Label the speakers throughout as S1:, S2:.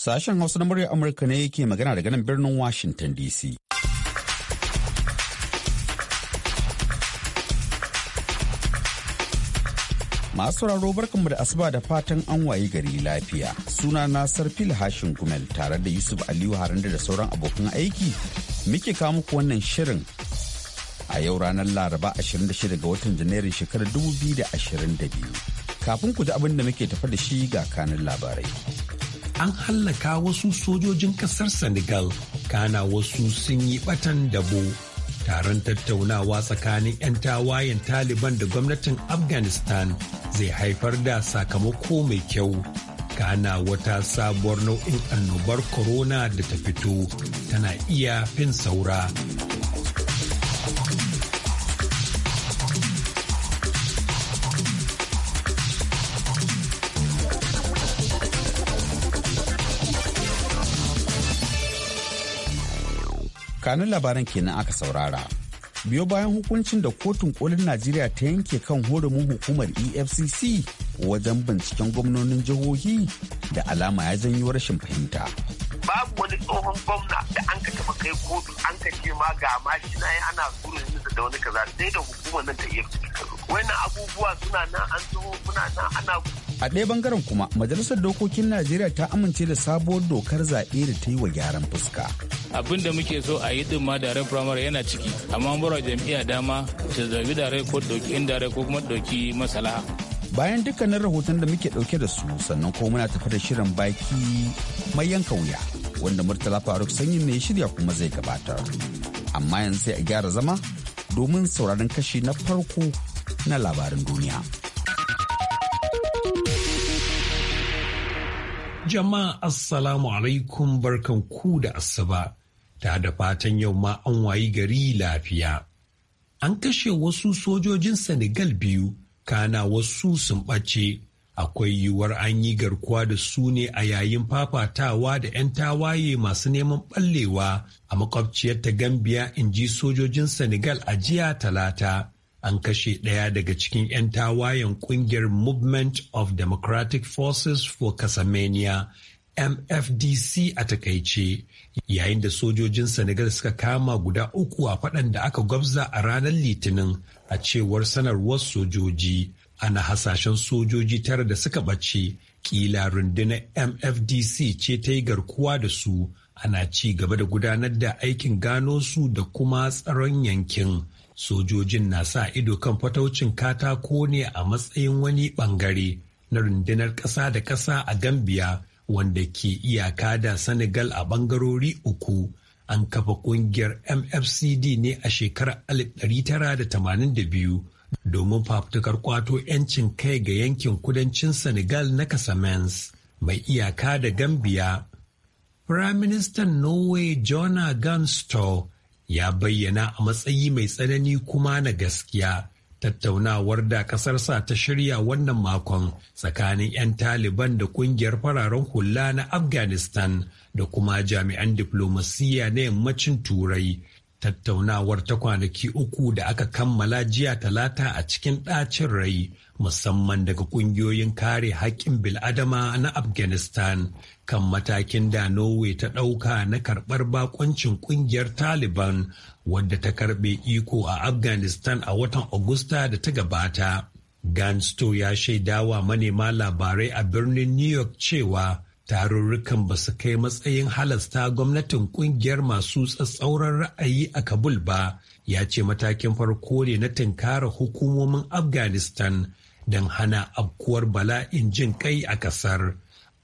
S1: Sashen Hausa na muryar Amurka ne yake magana daga nan birnin Washington DC. Masu raro barkanmu da asuba da fatan an wayi gari lafiya. Suna na Sarfil Hashin Gumel tare da Yusuf Aliyu Haranda da sauran abokan aiki muke kawo muku wannan shirin a yau ranar Laraba 26 ga watan Janairun shekarar 2022. Kafin ku ji abin da muke tafa da shi ga kanin labarai.
S2: an hallaka wasu sojojin kasar Senegal, kana wasu sun yi batan dabo. Taron tattaunawa tsakanin 'yan tawayen Taliban da gwamnatin Afghanistan zai haifar da sakamako mai kyau. Kana wata sabuwar nau'in annobar corona da ta fito tana iya fin saura.
S1: tsakanin labaran kenan aka saurara. Biyo bayan hukuncin da kotun kolin Najeriya ta yanke kan horumin hukumar EFCC wajen binciken gwamnonin jihohi da alama ya janyo rashin fahimta.
S3: Babu wani tsohon gwamna da an ka taba kai kotu an ka ce ma ga shi na yi ana gurin da wani kaza sai da hukumar nan ta EFCC. Wannan abubuwa suna nan an zuwa muna
S1: nan ana a ɗaya bangaren kuma majalisar dokokin najeriya ta amince da sabuwar dokar zaɓe da ta yi wa gyaran fuska
S4: abin da muke so a yi din ma daren firamare yana ciki amma mura jam'iyya dama ta zabi dare ko ɗauki indare ko kuma ɗauki masala.
S1: bayan dukkanin rahoton da muke ɗauke da su sannan ko muna tafi da shirin baki mai yanka wuya wanda murtala faruk sanyi ne ya shirya kuma zai gabatar amma yanzu sai a gyara zama domin sauraron kashi na farko na labarin duniya.
S2: Jama'a Assalamu alaikum barkan ku da asuba, ta da fatan yau ma an wayi gari lafiya. An kashe wasu sojojin Senegal biyu, kana wasu sun ɓace. Akwai yiwuwar an yi garkuwa da su ne a yayin fafatawa da 'yan tawaye masu neman ɓallewa a makwabciyar ta Gambiya in ji sojojin Senegal a jiya talata. an kashe ɗaya daga cikin 'yan tawayen ƙungiyar Movement of Democratic Forces for Casamania MFDC a takaice yayin da sojojin Senegal suka kama guda uku a faɗan da aka gwabza a ranar Litinin a cewar sanarwar sojoji. Ana hasashen sojoji tara da suka ɓace kila rundunar MFDC ce ta yi garkuwa da su ana ci gaba da gudanar da aikin gano su da kuma tsaron yankin. sojojin na sa ido kan fataucin katako ne a matsayin wani bangare na rundunar ƙasa da ƙasa a gambia wanda ke iyaka da senegal a bangarori uku an kafa ƙungiyar mfcd ne a shekarar 1982 domin fafutukar kwato 'yancin kai ga yankin kudancin senegal na casamance mai iyaka da gambia Firaministan Norway Jona Gunstow ya bayyana a matsayi mai tsanani kuma na gaskiya tattaunawar da ƙasarsa ta shirya wannan makon tsakanin 'yan taliban da ƙungiyar fararen hula na afghanistan da kuma jami'an diflomasiyya na yammacin turai tattaunawar ta kwanaki uku da aka kammala jiya talata a cikin ɗacin rai musamman daga ƙungiyoyin kare haƙƙin bil'adama na afghanistan kan matakin da norway ta ɗauka na karɓar bakoncin ƙungiyar taliban wadda ta karɓe iko a afghanistan a watan agusta da ta gabata gansto ya shaidawa manema labarai a birnin new york cewa tarurrukan ba su kai matsayin halasta gwamnatin kungiyar masu tsatsauran ra'ayi a kabul ba ya ce matakin farko ne na tunkara hukumomin afghanistan don hana abkuwar bala'in jin kai a kasar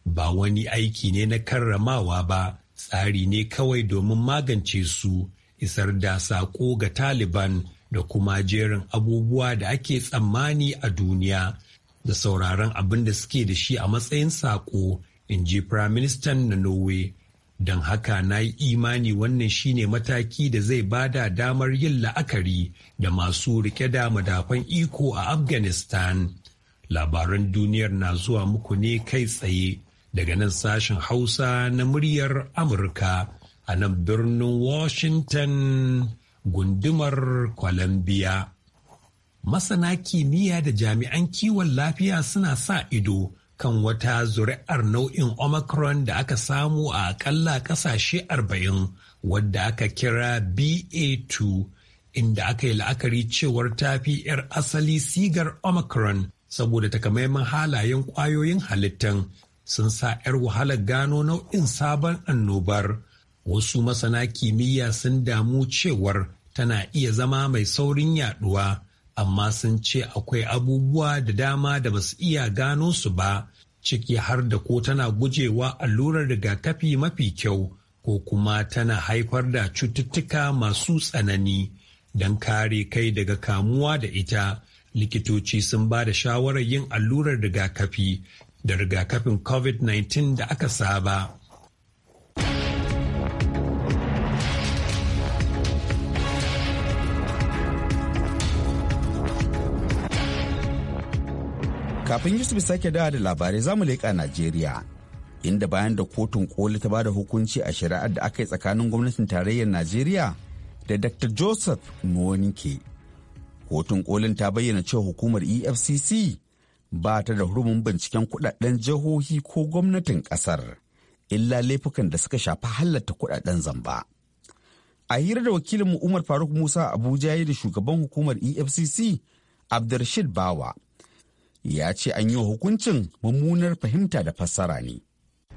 S2: ba wani aiki ne na karramawa ba tsari ne kawai domin magance su isar da saƙo ga taliban da kuma jerin abubuwa da ake tsammani a duniya da sauraron abin da suke da shi a matsayin saƙo in ji firaministan na norway don haka na yi imani wannan shine mataki da zai bada damar yin la'akari da masu rike da madafan iko a afghanistan labaran duniyar na zuwa muku ne kai tsaye daga nan sashen hausa na muryar amurka a nan birnin washington gundumar columbia masana kimiyya da jami'an kiwon lafiya suna sa ido kan wata zuri'ar nau'in Omicron da aka samu a akalla kasashe arba'in wadda aka kira BA2 inda aka yi la'akari cewar ta fi 'yar asali sigar Omicron saboda takamaiman halayen kwayoyin halittan sun sa 'yar wahalar gano nau'in sabon annobar. Wasu masana kimiyya sun damu cewar tana iya zama mai saurin yaduwa amma sun ce akwai abubuwa da dama da basu iya gano su ba ciki har da ko tana gujewa allurar rigakafi mafi kyau ko kuma tana haifar da cututtuka masu tsanani don kare kai daga kamuwa da ita likitoci sun ba da shawarar yin allurar rigakafi da rigakafin covid-19 da aka saba
S1: Kafin Yusuf sake dawa da labarai zamu leƙa Najeriya. Inda bayan da kotun koli ta bada hukunci a shari'ar da aka yi tsakanin gwamnatin tarayyar Najeriya da Dr. Joseph Nwonike. Kotun kolin ta bayyana cewa hukumar EFCC ba ta da hurumin binciken kudaden jihohi ko gwamnatin kasar, illa laifukan da suka shafi hallata kudaden zamba. A hira da wakilin Umar Faruk Musa Abuja ya da shugaban hukumar EFCC Abdulrashid Bawa ya ce an yi wa hukuncin mummunar fahimta da fassara ne.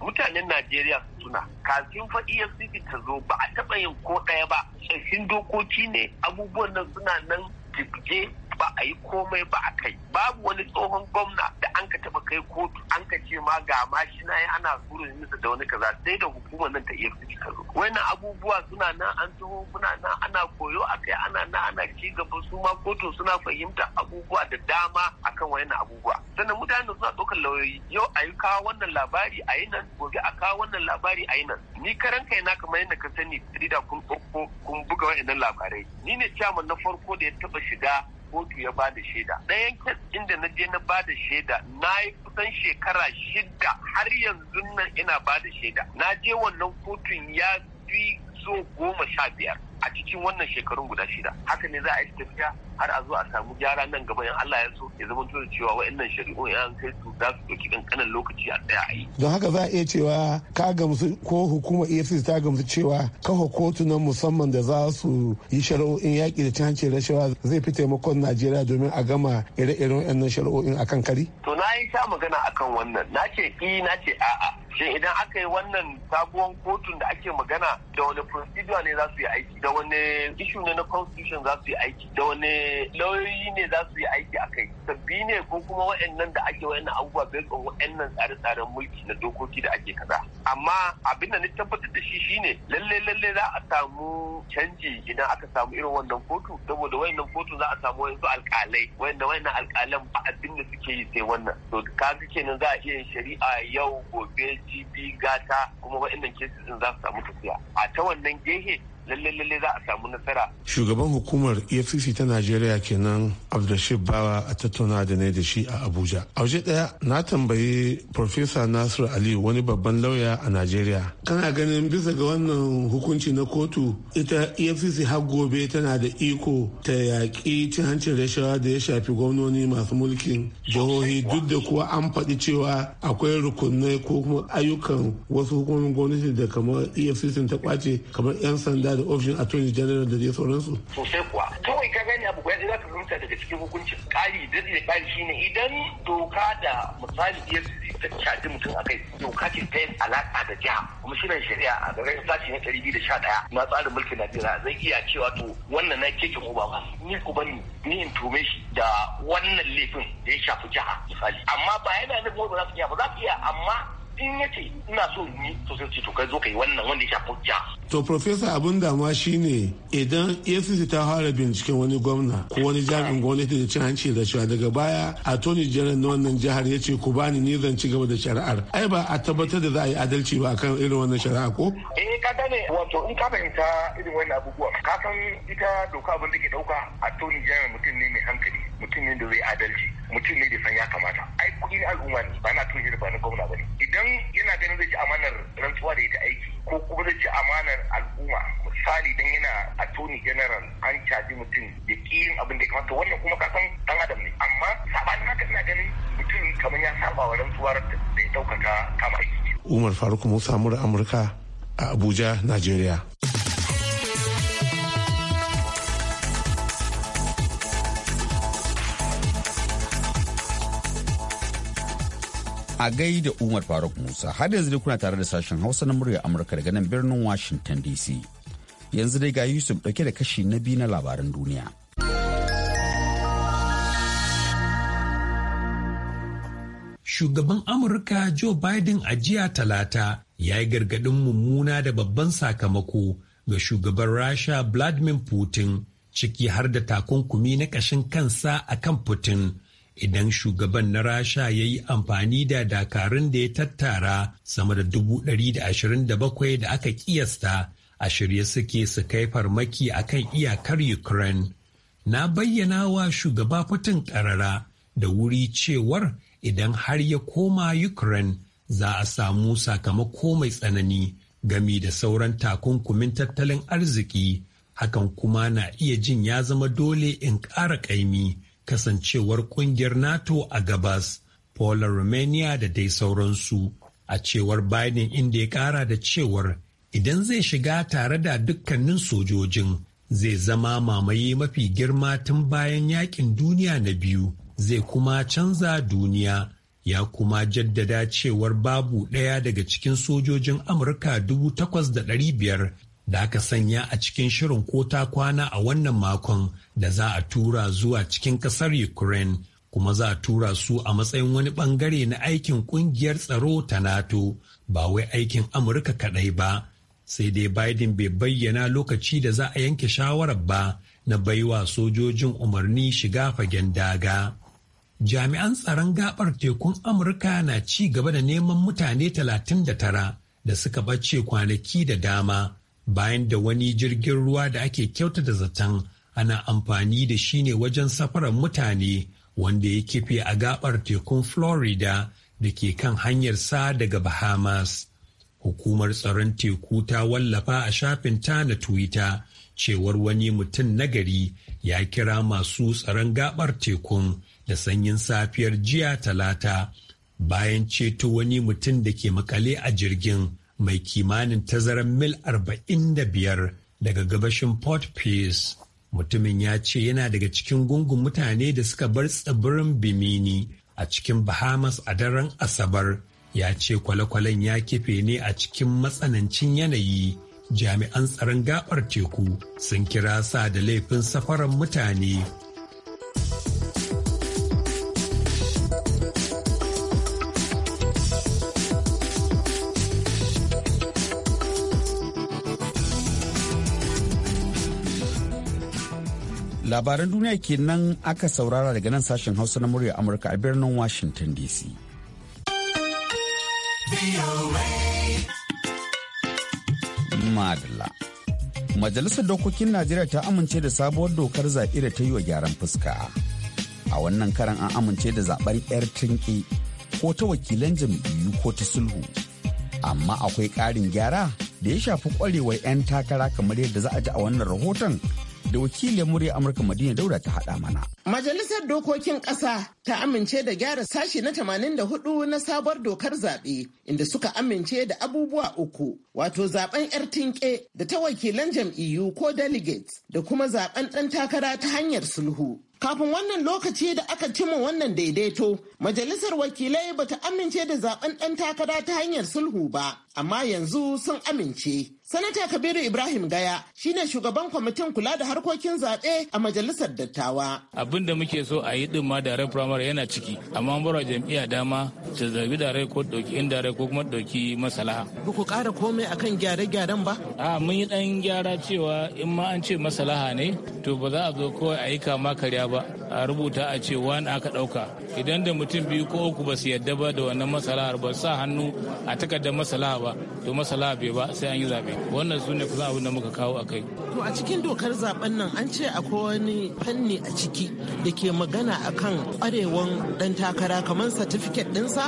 S3: Mutanen Najeriya su tuna, kafin fa EFCC ta zo ba a taɓa yin ko ɗaya ba, tsaffin dokoki ne abubuwan nan suna nan jibge ba a yi komai ba a kai babu wani tsohon gwamna da an ka taba kai kotu an ka ce ma ga ma shi na ana gurin nisa da wani kaza sai da hukumar nan ta iya fi karo wannan abubuwa suna nan an taho muna nan ana koyo a kai ana nan ana ci gaba su ma kotu suna fahimta abubuwa da dama akan wannan abubuwa sannan mutane suna ɗaukar lauyoyi yau a yi kawo wannan labari a yi nan gobe a kawo wannan labari a yi nan ni karan kai na kamar yadda ka sani Frida kun ɗauko kun buga wa'annan labarai ni ne ciyaman na farko da ya taɓa shiga kotu ya bada shaida ɗayan kes inda na je na ba da shaida na yi kusan shekara shida har yanzu nan ina ba da shaida na je wannan kotun ya fi so goma sha biyar a cikin wannan shekarun guda shida haka ne za a yi tafiya har a zo a samu gyara nan gaba in Allah ya so ya zama da cewa wa'annan ya an kai su za su ɗauki
S5: ƙanƙanin lokaci a tsaya a yi. don haka za a iya cewa ka gamsu ko hukumar efcc ta gamsu cewa kafa kotunan musamman da za su yi shari'o'in yaƙi da cin rashawa zai fi taimakon najeriya domin a gama ire-iren wa'annan shari'o'in kan kari.
S3: to na yi sha magana akan wannan na ce i na ce a'a shi idan aka yi wannan sabuwar kotun da ake magana da wani procedure ne za su yi aiki da wani issue ne na constitution za su yi aiki da wani lauyoyi ne za su yi aiki a kai sabbi ne ko kuma wa'annan da ake wa'annan abubuwa bai kan wa'annan tsare-tsaren mulki na dokoki da ake kaza amma abin da ni tabbatar da shi shine lalle lalle za a samu canji idan aka samu irin wannan kotu saboda wa'annan kotu za a samu wasu alkalai wa'annan wa'annan alkalan ba abin da suke yi sai wannan to kaga kenan za a iya yin shari'a yau gobe jibi gata kuma waɗannan kesis ɗin za su samu tafiya a ta wannan gehe lalle lalle za a samu nasara
S2: shugaban
S5: hukumar efcc ta najeriya kenan abdulrashid bawa a tattauna da ne da shi a abuja a waje daya na tambayi profesa nasiru ali wani babban lauya a najeriya kana ganin bisa ga wannan hukunci na kotu ita efcc har gobe tana da iko ta yaƙi cin hancin rashawa da ya shafi gwamnoni masu mulkin jihohi duk da kuwa an faɗi cewa akwai rukunai ko kuma ayyukan wasu hukumomin gwamnati da kamar efcc ta kwace kamar 'yan sanda da ofishin attorney general da dai sauransu.
S3: sosai kuwa kawai ka gani abu guda za ka rumsa daga cikin hukuncin kari da zai shi ne idan doka da misali ya ta caji mutum a kai doka ce ta yin alaƙa da jiha kuma shirin shari'a a garin sashi na ɗari biyu da sha ɗaya na tsarin mulkin najeriya zai iya cewa to wannan na kekin obama ni uba ni ni in tume shi da wannan laifin da ya shafi jiha misali amma ba yana nufin wani ba za su iya ba za su iya amma in ya ce ina so in yi
S6: to to kai zo ka yi wannan
S5: wanda ya shafi to profesa abin damuwa shine idan efcc ta fara binciken wani gwamna ko wani jami'in gwamnati da cin hanci da cewa daga baya attorney general na wannan jihar ya ce ku bani ni zan ci gaba da shari'ar ai ba a tabbatar da za a yi adalci ba akan irin wannan shari'a ko.
S3: eh ka ne wato in ka fahimta irin wannan abubuwa ka san ita doka abin da ke dauka attorney general mutum ne mai hankali mutum ne da zai adalci mutum ne da san ya kamata ai kuɗi na al'umma ne ba na tun ba na gwamna ba ne idan yana ganin zai ci amanar rantsuwa da ita aiki ko kuma zai ci amanar al'umma misali dan yana attorney general an caji mutum ya ki yin abin da ya kamata wannan kuma kasan dan adam ne amma sabanin haka ina ganin mutum kamar ya saba wa rantsuwar da ya ɗaukaka kama
S5: aiki. Umar Faruk Musa Mura Amurka a Abuja, nigeria.
S1: a da umar faruk musa har yanzu dai kuna tare da sashen hausa na murya amurka daga nan birnin washington dc yanzu dai ga yusuf ɗauke da kashi na biyu na
S2: labaran duniya shugaban amurka joe biden a jiya talata ya yi gargadin mummuna da babban sakamako ga shugaban rasha vladimir putin ciki har da takunkumi na ƙashin kansa a kan putin idan shugaban na rasha ya yi amfani da dakarun da ya tattara sama da dubu ɗari da ashirin da bakwai da aka kiyasta a shirye suke su kai farmaki a kan iyakar ukraine na bayyana wa shugaba putin ƙarara da wuri cewar idan har ya koma ukraine za a samu sakamako mai tsanani gami da sauran takunkumin tattalin arziki hakan kuma na iya jin ya zama dole in ƙara ƙaimi. kasancewar kungiyar NATO a gabas, Poland, Romania da dai sauransu. A cewar Biden inda ya kara da cewar idan zai shiga tare da dukkanin sojojin zai zama mamaye mafi girma tun bayan yakin duniya na biyu zai kuma canza duniya ya kuma jaddada cewar babu ɗaya daga cikin sojojin amurka dubu takwas da ɗari biyar da aka sanya a cikin shirin ko ta kwana a wannan makon da za a tura zuwa cikin kasar Ukraine kuma za a tura su a matsayin wani bangare na aikin kungiyar tsaro ta NATO ba wai aikin Amurka kaɗai ba. Sai dai Biden bai bayyana lokaci da za a yanke shawarar ba na baiwa sojojin umarni shiga fagen daga. Jami'an tsaron gabar tekun Amurka na ci gaba da neman mutane 39 da suka bace kwanaki da dama bayan da wani jirgin ruwa da ake kyauta da zaton ana amfani da shi ne wajen safarar mutane wanda ya kife a gabar tekun florida da ke kan hanyarsa daga bahamas hukumar tsaron teku ta wallafa a shafin ta na twitter cewar wani mutum nagari ya kira masu tsaron gabar tekun da sanyin safiyar jiya talata bayan ceto wani mutum da ke makale a jirgin mai kimanin tazarar mil 45 daga gabashin Port Pierce. Mutumin ya ce yana daga cikin gungun mutane da suka bar tsibirin Bimini a cikin Bahamas a daren Asabar. Ya ce kwale-kwalen ya kife ne a cikin matsanancin yanayi. Jami'an tsaron gabar teku sun kira sa da laifin safaran mutane.
S1: labaran duniya kenan aka saurara daga nan sashen hausa na murya amurka a birnin washington dc madala majalisar dokokin najeriya ta amince da sabuwar dokar zaɓe da ta yi wa gyaran fuska a wannan karan an amince da zaɓen yar tinki ko ta wakilan jam'iyyu ko ta sulhu amma akwai ƙarin gyara da ya shafi ƙwarewar 'yan takara kamar yadda za a ji a wannan rahoton da wakilin murya Amurka Madina Daura ta haɗa mana.
S7: Majalisar Dokokin Ƙasa ta amince da gyara sashi na 84 na sabuwar dokar zaɓe inda suka amince da abubuwa uku wato zaben 'yar tinke da ta wakilan jam'iyyu ko delegates da kuma zaben ɗan takara ta hanyar sulhu. kafin wannan lokaci da aka cimma wannan daidaito majalisar wakilai bata amince da zaben ɗan takara ta hanyar sulhu ba amma yanzu sun amince Sanata Kabiru Ibrahim Gaya shi ne shugaban kwamitin kula da harkokin zaɓe a majalisar dattawa.
S4: Abin da muke so a yi din ma da firamare yana ciki, amma mura jam'iyya dama ta zabi da rai ko ɗauki inda rai ko kuma ɗauki masala. Ba ku ƙara komai akan gyare-gyaren ba? A mun yi ɗan gyara cewa in ma an ce masalaha ne, to ba za a zo kawai a yi kama karya ba, a rubuta a ce wani aka ɗauka. Idan da mutum biyu ko uku ba su yadda ba da wannan masalahar ba sa hannu a takardar masalaha ba, to masalaha bai ba sai an yi zaɓe. wannan su ne kusa abin da muka kawo a kai
S7: to a cikin dokar zaben nan an ce akwai wani fanni a ciki da ke magana akan kwarewan dan takara kamar certificate dinsa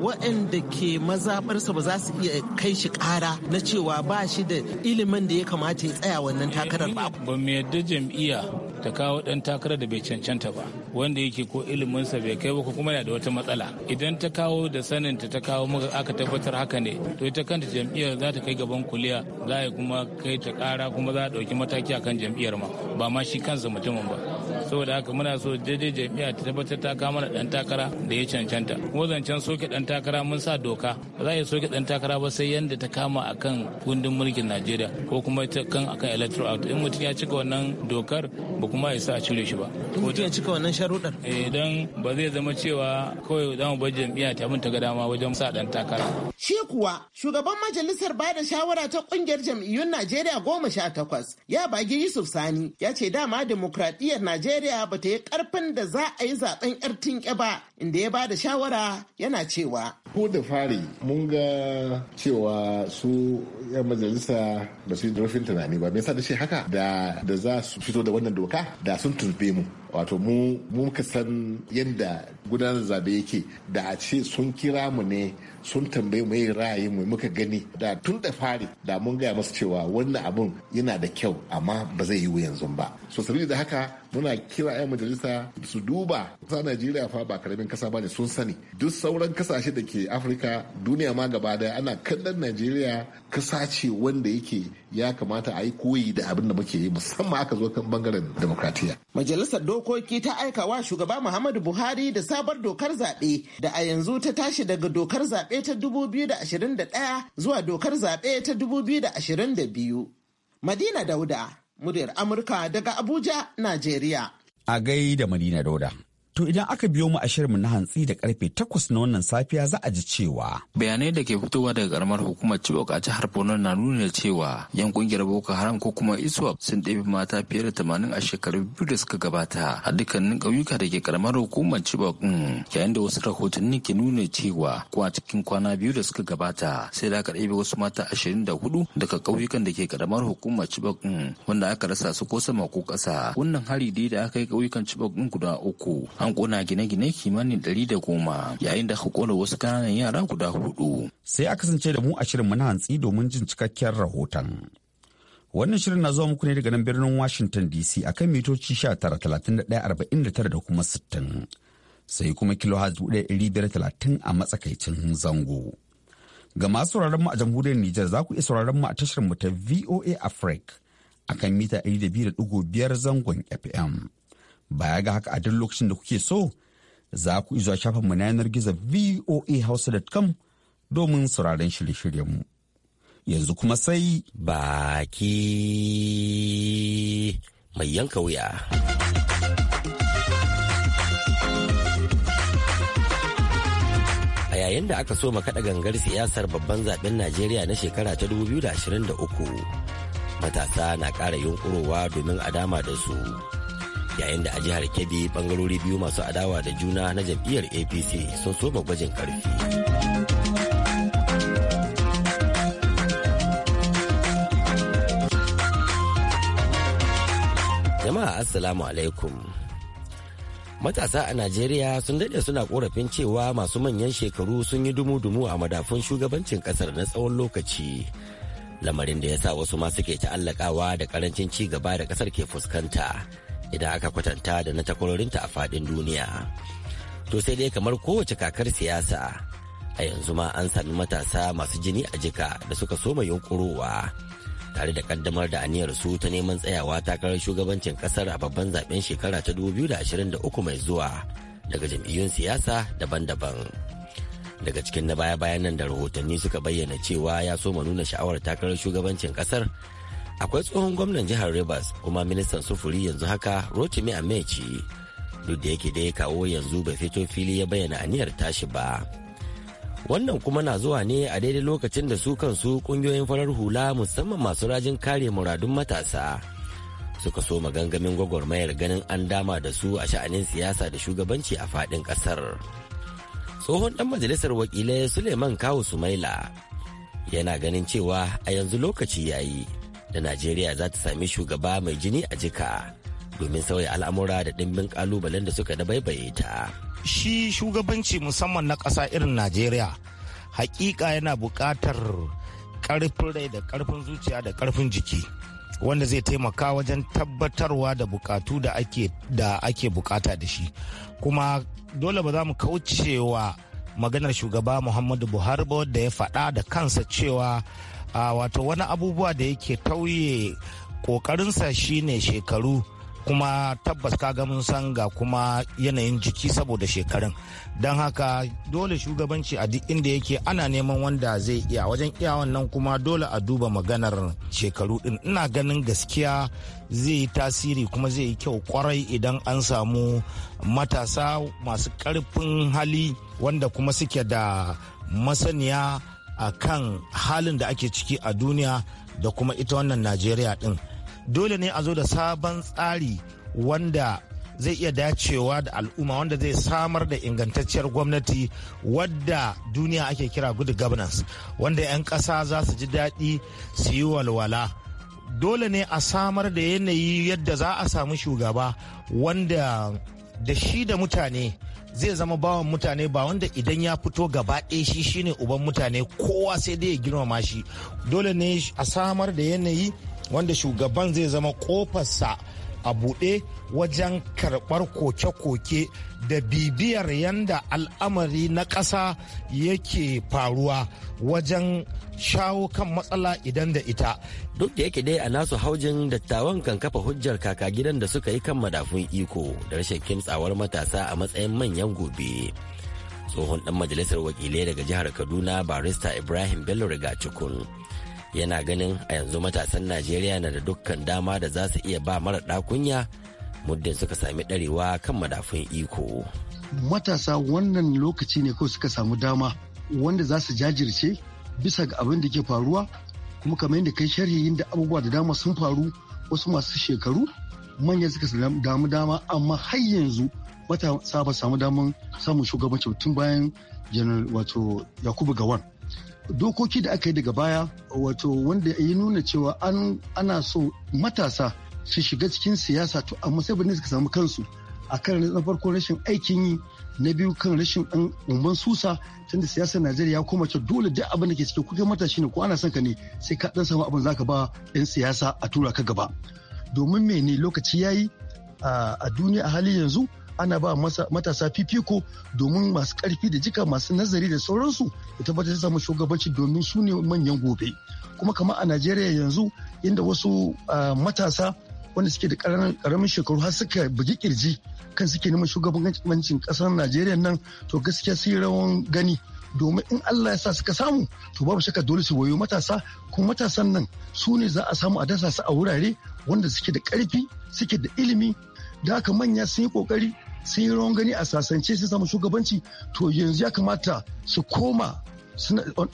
S7: waɗanda ke mazaɓarsa ba za su iya kai shi ƙara na cewa ba shi da ilimin da ya kamata ya tsaya wannan takarar ba.
S4: Ba mu yadda jam'iyya ta kawo ɗan takarar da bai cancanta ba wanda yake ko iliminsa bai kai ba kuma yana da wata matsala idan ta kawo da saninta ta kawo muka aka tabbatar haka ne to ita kanta jam'iyyar za ta kai gaban kuliya za a kuma kai ta kara kuma za a ɗauki mataki akan jam'iyyar ma ba ma shi kansa mutumin ba saboda haka muna so daidai jami'a ta tabbatar ta kama mana dan takara da ya cancanta kuma zancen soke dan takara mun sa doka ba za a soke dan takara ba sai yanda ta kama akan gundun mulkin Najeriya ko kuma ta kan akan electoral act in mutum ya cika wannan dokar ba kuma ya sa a cire shi ba ko ya cika wannan sharuɗar eh dan ba zai zama cewa kawai za mu bar jami'a ta mun ta ga dama wajen sa dan takara
S7: shi kuwa shugaban majalisar ba da shawara ta kungiyar jam'iyyun Najeriya goma sha takwas ya bagi Yusuf Sani ya ce dama demokradiyyar Najeriya najeriya ba ta yi karfin da za a yi zaben yar tinke ba inda ya ba da shawara yana cewa
S8: ko da fari mun ga cewa su yan majalisa ba su yi rufin tunani ba me sa da shi haka da da za su fito da wannan doka da sun tuntuɓe mu wato mu ka san yadda gudanar zabe yake da a ce sun kira mu ne sun tambaye mu yi mu muka gani da tun da fari da mun gaya masu cewa wannan abun yana da kyau amma ba zai yi yanzu ba so sabili da haka muna kira 'yan majalisa su duba kasa najeriya fa ba karamin kasa ba ne sun sani duk sauran kasashe da ke afirka duniya ma gaba daya ana kallon najeriya kasa ce wanda yake ya kamata a yi koyi da abin da muke yi musamman aka zo kan bangaren demokratiya
S7: majalisar dokoki ta aikawa shugaba
S8: muhammadu buhari da sabar dokar
S7: zaɓe da a yanzu ta tashi daga dokar zaɓe ta 2021 zuwa dokar zaɓe ta 2022 madina dauda muryar Amurka daga Abuja,
S4: Najeriya.
S1: A gai da Madina doda. To idan aka biyo mu a shirinmu na hantsi da karfe takwas na wannan safiya za a ji cewa.
S4: Bayanai da ke fitowa daga karamar hukumar Chibok a jihar Borno na nuna cewa yan kungiyar Boko Haram ko kuma ISWAP sun ɗebe mata fiye da tamanin a shekaru biyu da suka gabata a dukkanin ƙauyuka da ke karamar hukumar Chibok ɗin yayin da wasu rahotanni ke nuna cewa ko a cikin kwana biyu da suka gabata sai da aka ɗebe wasu mata ashirin da hudu daga ƙauyukan da ke karamar hukumar Chibok ɗin wanda aka rasa su ko sama ko ƙasa wannan hari dai da aka yi ƙauyukan Chibok ɗin guda uku an an kona gine-gine kimanin ɗari da goma
S1: yayin da aka kona wasu kananan yara guda hudu. Sai a kasance da mu a shirin muna hantsi domin jin cikakken rahoton. Wannan shirin na zuwa muku ne daga nan birnin Washington DC a kan mitoci talatin da kuma 60. Sai kuma kilohertz talatin a matsakaicin zango. Ga masu sauraron mu a jamhuriyar Nijar za ku iya sauraron mu a tashar mu ta VOA Africa a kan mita biyar zangon FM. Baya ga haka a duk lokacin da kuke so za ku izuwa shafinmu na yanar gizo voahouse.com domin sauraron shirye-shiryenmu. Yanzu kuma sai
S9: baki mai yanka wuya. A yayin da aka so makaɗa gangar siyasar babban zaɓen Najeriya na shekara ta 2023, matasa na ƙara yunkurowa domin a dama da su. yayin da a jihar kebbi bangarori biyu masu adawa da juna na jam'iyyar apc sun soma gwajin karfi jama'a assalamu alaikum matasa a najeriya sun daɗe suna korafin cewa masu manyan shekaru sun yi dumu-dumu a madafun shugabancin kasar na tsawon lokaci lamarin da ya sa wasu ma suke ta'allakawa da karancin ci gaba da kasar ke fuskanta idan aka kwatanta da na takwarorinta a fadin duniya to sai dai kamar kowace kakar siyasa a yanzu ma an sami matasa masu jini a jika da suka soma yunkurowa tare da kaddamar da aniyar su ta neman tsayawa takarar shugabancin kasar a babban zaben shekara ta 2023 mai zuwa daga jam'iyyun siyasa daban-daban daga cikin na baya-bayan nan da rahotanni suka bayyana cewa ya soma nuna sha'awar takarar shugabancin kasar akwai tsohon gwamnan jihar rivers kuma ministan sufuri yanzu haka rotimi a Meci. duk da yake dai kawo yanzu bai fito fili ya bayyana aniyar tashi ba wannan kuma na zuwa ne a daidai lokacin da su kansu kungiyoyin farar hula musamman masu rajin kare muradun matasa suka soma gangamin gwagwarmayar ganin an dama da su a sha'anin siyasa da shugabanci a faɗin ƙasar tsohon ɗan majalisar wakilai suleiman kawu sumaila yana ganin cewa a yanzu lokaci yayi da najeriya za ta sami shugaba mai jini a jika domin sauya al'amura da ɗimbin kalubalen da suka dabaibaye ta
S10: shi shugabanci musamman na ƙasa irin najeriya hakika yana buƙatar ƙarfin rai da ƙarfin zuciya da ƙarfin jiki wanda zai taimaka wajen tabbatarwa da buƙatu da ake da ake bukata da shi kuma dole ba za mu kaucewa maganar shugaba muhammadu buhari ba wadda ya faɗa da kansa cewa a wato wani abubuwa da yake tauye kokarinsa shine shekaru kuma tabbas ka mun san ga kuma yanayin jiki saboda shekarun don haka dole shugabanci a duk inda yake ana neman wanda zai iya wajen iya nan kuma dole a duba maganar shekaru din ina ganin gaskiya zai yi tasiri kuma zai yi kyau kwarai idan an samu matasa masu karfin hali wanda kuma suke da masaniya a kan halin da ake ciki a duniya da kuma ita wannan najeriya din dole ne a zo da sabon tsari wanda zai iya dacewa da al'umma wanda zai samar da ingantacciyar gwamnati wadda duniya ake kira good governance wanda 'yan ƙasa za su ji daɗi su yi walwala dole ne a samar da yanayi yadda za a samu shugaba wanda da shi da mutane zai zama bawan mutane ba wanda idan ya fito gaba ɗaya shi shine uban mutane kowa sai dai ya girmama shi dole ne a samar da yanayi wanda shugaban zai zama kofarsa a buɗe wajen karɓar koke-koke da bibiyar yanda al'amari na ƙasa yake faruwa wajen shawo kan matsala
S9: idan da ita duk da yake dai a nasu haujin dattawan kan kafa hujjar kaka gidan da suka yi kan madafun iko da rashin kimtsawar matasa a matsayin manyan gobe tsohon dan majalisar wakilai daga jihar kaduna barista ibrahim bello Riga cikun yana ganin a yanzu matasan najeriya na da dukkan dama da za su iya ba mara ɗakunya muddin suka sami ɗarewa kan madafun iko
S6: matasa wannan lokaci ne kawai suka samu dama wanda za su jajirce bisa ga abin da ke faruwa kuma kamar yadda kai sharhi da abubuwa da dama sun faru wasu masu shekaru manya suka damu dama amma har yanzu wata saba samu damar samun shugabanci tun bayan janar wato yakubu gawan dokoki da aka yi daga baya wato wanda ya nuna cewa ana so matasa su shiga cikin siyasa to amma sai ne suka samu kansu a kan na farko rashin aikin yi na biyu kan rashin ɗan umman susa tunda siyasar najeriya ya koma dole duk abin da ke cikin kuke matashi ne ko ana son ka ne sai ka ɗan samu abin zaka ba yan siyasa a tura ka gaba domin mene lokaci yayi a duniya a hali yanzu ana ba matasa fifiko domin masu karfi da jika masu nazari da sauransu ya tabbatar samu shugabanci domin su ne manyan gobe kuma kamar a najeriya yanzu inda wasu matasa wanda suke da karamin shekaru har suka bugi kirji kan suke neman shugabancin kasar najeriya nan to gaskiya sun yi rawan gani domin in allah ya sa suka samu to babu shakka dole su wayo matasa kuma matasan nan su ne za a samu a dasa su a wurare wanda suke da karfi suke da ilimi da haka manya sun yi kokari sun yi rawan gani a sasance sun samu shugabanci to yanzu ya kamata su koma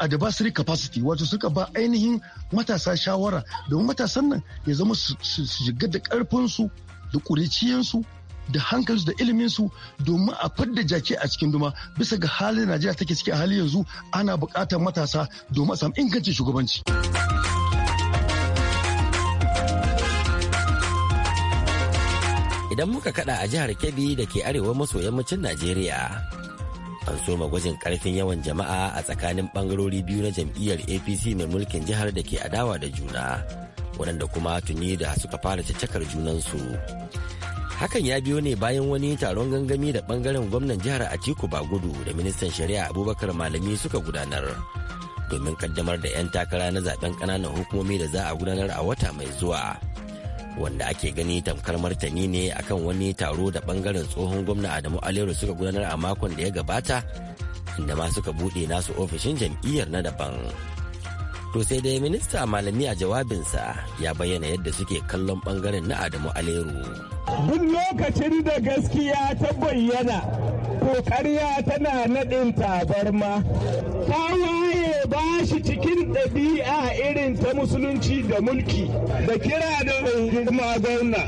S6: adversary capacity wato suka ba ainihin matasa shawara domin matasan nan ya zama su shiga da karfinsu da ƙuriciyansu da hankalinsu da iliminsu domin a fadda jaki a cikin duma bisa ga halin najeriya take ciki a hali yanzu ana buƙatar matasa domin a samu ingancin shugabanci.
S9: idan muka kada a jihar kebbi da ke arewa maso yammacin najeriya an soma gwajin karfin yawan jama'a a tsakanin bangarori biyu na jam'iyyar apc mai mulkin jihar da ke adawa da juna waɗanda kuma tuni da suka fara caccakar junansu hakan ya biyo ne bayan wani taron gangami da bangaren gwamnan jihar atiku bagudu da ministan shari'a abubakar malami suka gudanar domin kaddamar da 'yan takara na zaben ƙananan hukumomi da za a gudanar a wata mai zuwa wanda ake gani tamkar martani ne akan wani taro da bangaren tsohon gwamna adamu alero suka gudanar a makon da ya gabata inda ma suka buɗe nasu ofishin jam'iyyar na daban to sai dai minista malami a jawabinsa ya bayyana yadda suke kallon bangaren na adamu alero
S11: duk lokacin da gaskiya ta bayyana to tana naɗin tabarma ta waye ba shi ɗabi'a irin ta musulunci da mulki da kira da kawo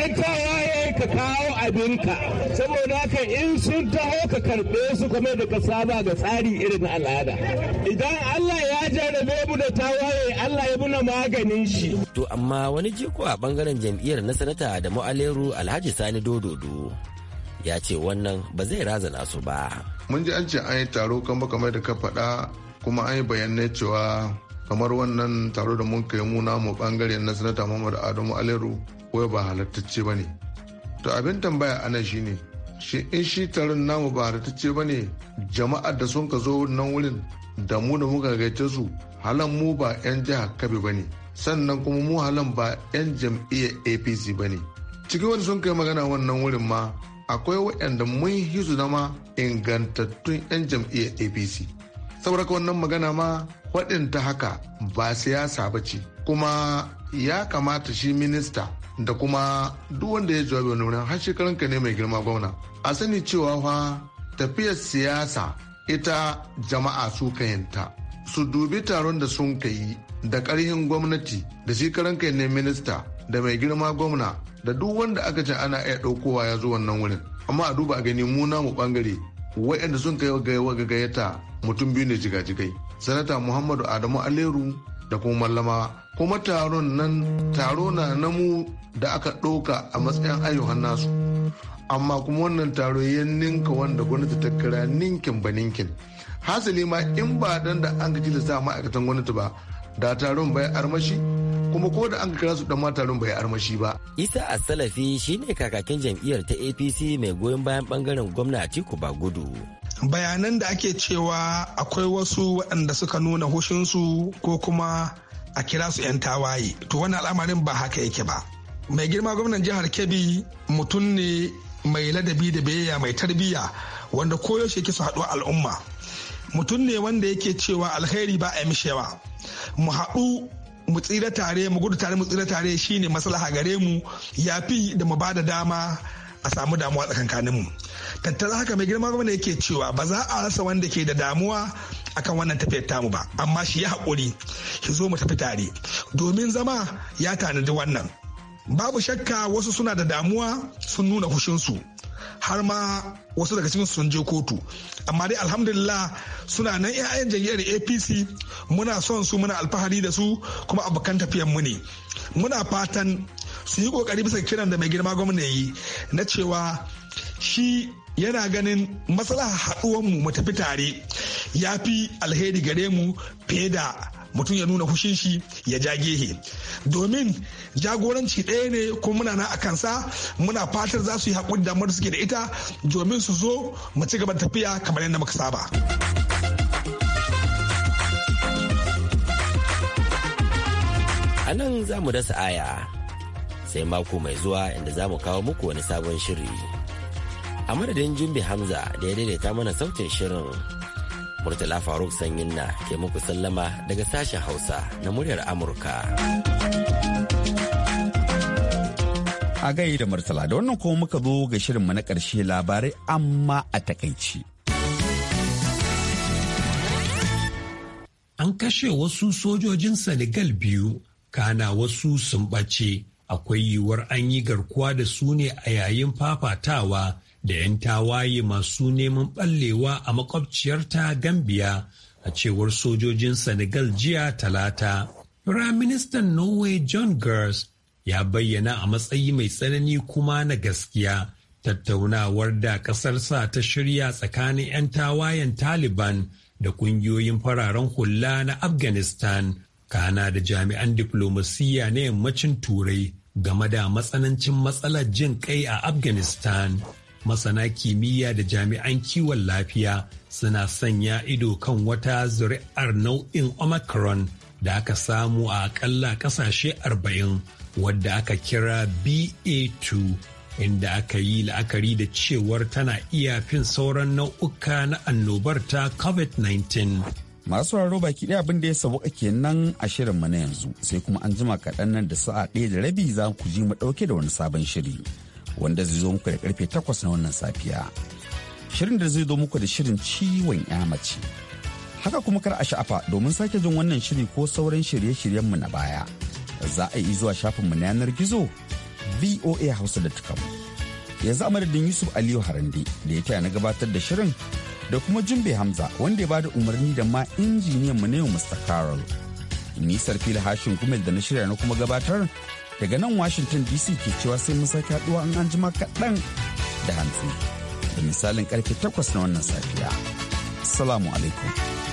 S11: ‘yan tawaye ka kawo abinka saboda haka in sun taho ka karɓe su kuma da ka saba ga tsari irin al'ada idan Allah ya jarabe mu da tawaye
S9: Allah ya muna maganin shi to amma wani jiko a bangaren jam'iyyar na sanata da mu'aleru Alhaji Sani Dododo ya ce wannan ba zai razana su ba
S8: mun ji an ce an yi taro kan kamar da ka faɗa kuma an yi bayanai cewa kamar wannan taro da mun kai mu namu bangare na sanata Muhammadu adamu aleru wai ba halattacce ba ne to abin tambaya ana ne shi in shi taron namu ba halattacce ba ne jama'ar da sun ka zo nan wurin da mu da muka gaice su halan mu ba 'yan jihar kabe ba ne sannan kuma mu halan ba 'yan jam'iyyar apc ba ne cikin wani sun kai magana wannan wurin ma akwai waɗanda mun hisu zama ingantattun 'yan jam'iyyar apc saboda wannan magana ma waɗinta haka ba siyasa ba ce kuma ya kamata shi minista da kuma duk wanda ya jawabi wani wurin har shekarun ka ne mai girma gwamna a sani cewa fa tafiyar siyasa ita jama'a su kayanta su dubi taron da sun yi da ƙarhin gwamnati da shi karan kai ne minista da mai girma gwamna da duk wanda aka ce ana iya ɗaukowa ya zo wannan wurin amma a duba a gani mu namu bangare waɗanda sun kai ga gayyata mutum biyu ne jigajigai sanata muhammadu adamu aleru da kuma mallama kuma taron nan taro na namu da aka ɗauka a matsayin ayyukan nasu amma kuma wannan taro ya ninka wanda gwamnati ta kira ninkin ba ninkin hasali ma in ba dan da an gaji da sa ma'aikatan gwamnati ba da taron bai armashi kuma ko da an kira su dan taron bai armashi ba isa asalafi shine
S9: kakakin jam'iyyar ta apc mai goyon bayan bangaren gwamna ba gudu. bayanan
S11: da ake cewa akwai wasu waɗanda suka nuna hushinsu ko kuma a kira su 'yan tawaye to wani al'amarin ba haka yake ba mai girma gwamnan jihar kebbi mutum ne mai ladabi da biyayya mai tarbiyya wanda koyaushe ke su haɗu al'umma mutum ne wanda yake cewa alheri ba a yi mishewa mu haɗu mu tsira tare mu gudu tare mu tsira tare shine maslaha gare mu yafi da mu bada dama a samu damuwa tsakankaninmu tattara haka mai girma gwamna yake cewa ba za a rasa wanda ke da damuwa akan wannan tafiyar tamu ba amma shi ya hakuri shi zo mu tafi tare domin zama ya tanadi wannan babu shakka wasu suna da damuwa sun nuna hushinsu har ma wasu daga cikin sun je kotu amma dai alhamdulillah suna nan 'ya'yan jam'iyyar apc muna son su muna alfahari da su kuma abokan tafiyan mu ne muna fatan su yi kokari bisa kiran da mai girma gwamna yi na cewa shi yana ganin matsala haɗuwanmu mu tafi tare ya fi alheri gare mu fiye da mutum ya nuna hushin shi ya ja gehe domin jagoranci ɗaya ne ko muna na a kansa muna fatar za su yi haƙuri damar suke da ita domin su zo mu ci gaba tafiya kamar yadda muka
S9: saba. A nan za mu dasa aya sai mako mai zuwa inda za mu kawo muku wani sabon shiri. A madadin Hamza da ya daidaita mana sautin shirin. Murtala Faruk Sanyinna ke muku sallama daga sashen Hausa na muryar Amurka. A gai da Murtala
S1: da wannan kuma muka zo ga shirinmu na ƙarshe labarai amma a takaici.
S2: An kashe wasu sojojin Senegal biyu, kana wasu sun ɓace. Akwai yiwuwar an yi garkuwa da su ne a yayin fafatawa da 'yan tawaye masu neman ɓallewa a makwabciyarta Gambia a cewar sojojin Senegal jiya talata. Firaministan Norway John Gers ya bayyana a matsayi mai tsanani kuma na gaskiya tattaunawar da ƙasarsa ta shirya tsakanin 'yan tawayen Taliban da ƙungiyoyin fararen hula na Afghanistan, kana da jami'an diflomasiyya na yammacin Turai game da matsanancin matsalar jin kai a Afghanistan. masana kimiyya da jami'an kiwon lafiya suna sanya ido kan wata zuri'ar nau'in omicron da aka samu a akalla kasashe 40 wadda aka kira ba2 inda aka yi la'akari da cewar tana iya fin sauran nau'uka na annobar ta covid-19 masu raro baki ɗaya abin da ya ke nan a shirin na
S1: yanzu sai kuma an jima kaɗan nan da sa'a ɗaya da rabi za ku ji mu ɗauke da wani sabon shiri. wanda zai zo muku da karfe 8 na wannan safiya. Shirin da zai zo muku da shirin ciwon mace. Haka kuma kar a sha'afa domin sake jin wannan shiri ko sauran shirye shiryen mu na baya. Za a yi zuwa shafinmu na yanar gizo voa hausa da tukam Yanzu a Yusuf Aliyu Harande da ya taya na gabatar da shirin da kuma Jumbe Hamza wanda ya bada umarni da ma injiniyan mu na yau Mr. Carol. Ni fili hashin gumel da na shirya na kuma gabatar daga nan washington dc ke cewa sai mun sake haduwa in an jima kaɗan da hantsi da misalin karfe takwas na wannan safiya salamu alaikum